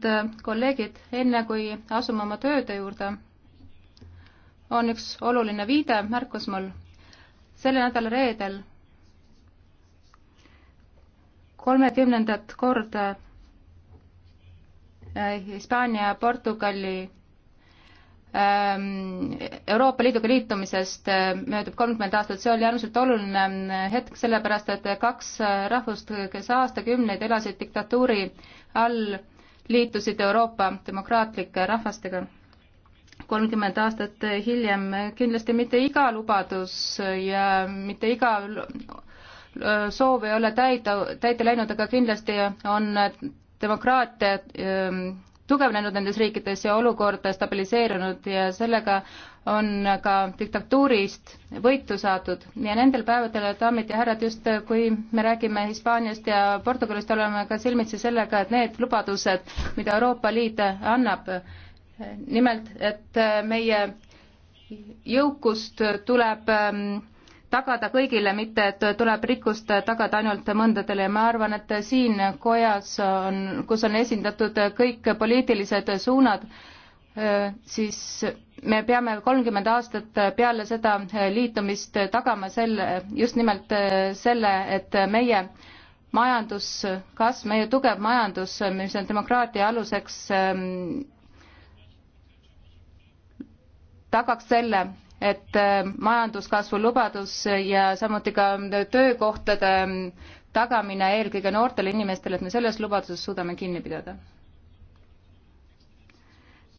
Äh, kolleegid, enne kui asume oma tööde juurde, on üks oluline viide, märkus mul. selle nädala reedel kolmekümnendat korda äh, Hispaania ja Portugali ähm, Euroopa Liiduga liitumisest äh, möödub kolmkümmend aastat, see oli äärmiselt oluline hetk, sellepärast et kaks rahvust, kes aastakümneid elasid diktatuuri all, liitusid Euroopa demokraatlike rahvastega. kolmkümmend aastat hiljem kindlasti mitte iga lubadus ja mitte iga soov ei ole täida, täide läinud, aga kindlasti on demokraatia ehm, tugevnenud nendes riikides ja olukord stabiliseerunud ja sellega on ka diktatuurist võitu saadud ja nendel päevadel, daamid ja härrad, just kui me räägime Hispaaniast ja Portugalist, oleme ka silmitsi sellega, et need lubadused, mida Euroopa Liit annab, nimelt, et meie jõukust tuleb ähm, tagada kõigile, mitte et tuleb rikkust tagada ainult mõndadele ja ma arvan, et siin kojas on, kus on esindatud kõik poliitilised suunad, äh, siis me peame kolmkümmend aastat peale seda liitumist tagama selle, just nimelt äh, selle, et meie majanduskasv, meie tugev majandus, mis on demokraatia aluseks, ähm, tagaks selle, et äh, majanduskasvu lubadus ja samuti ka äh, töökohtade äh, tagamine eelkõige noortele inimestele, et me sellest lubadusest suudame kinni pidada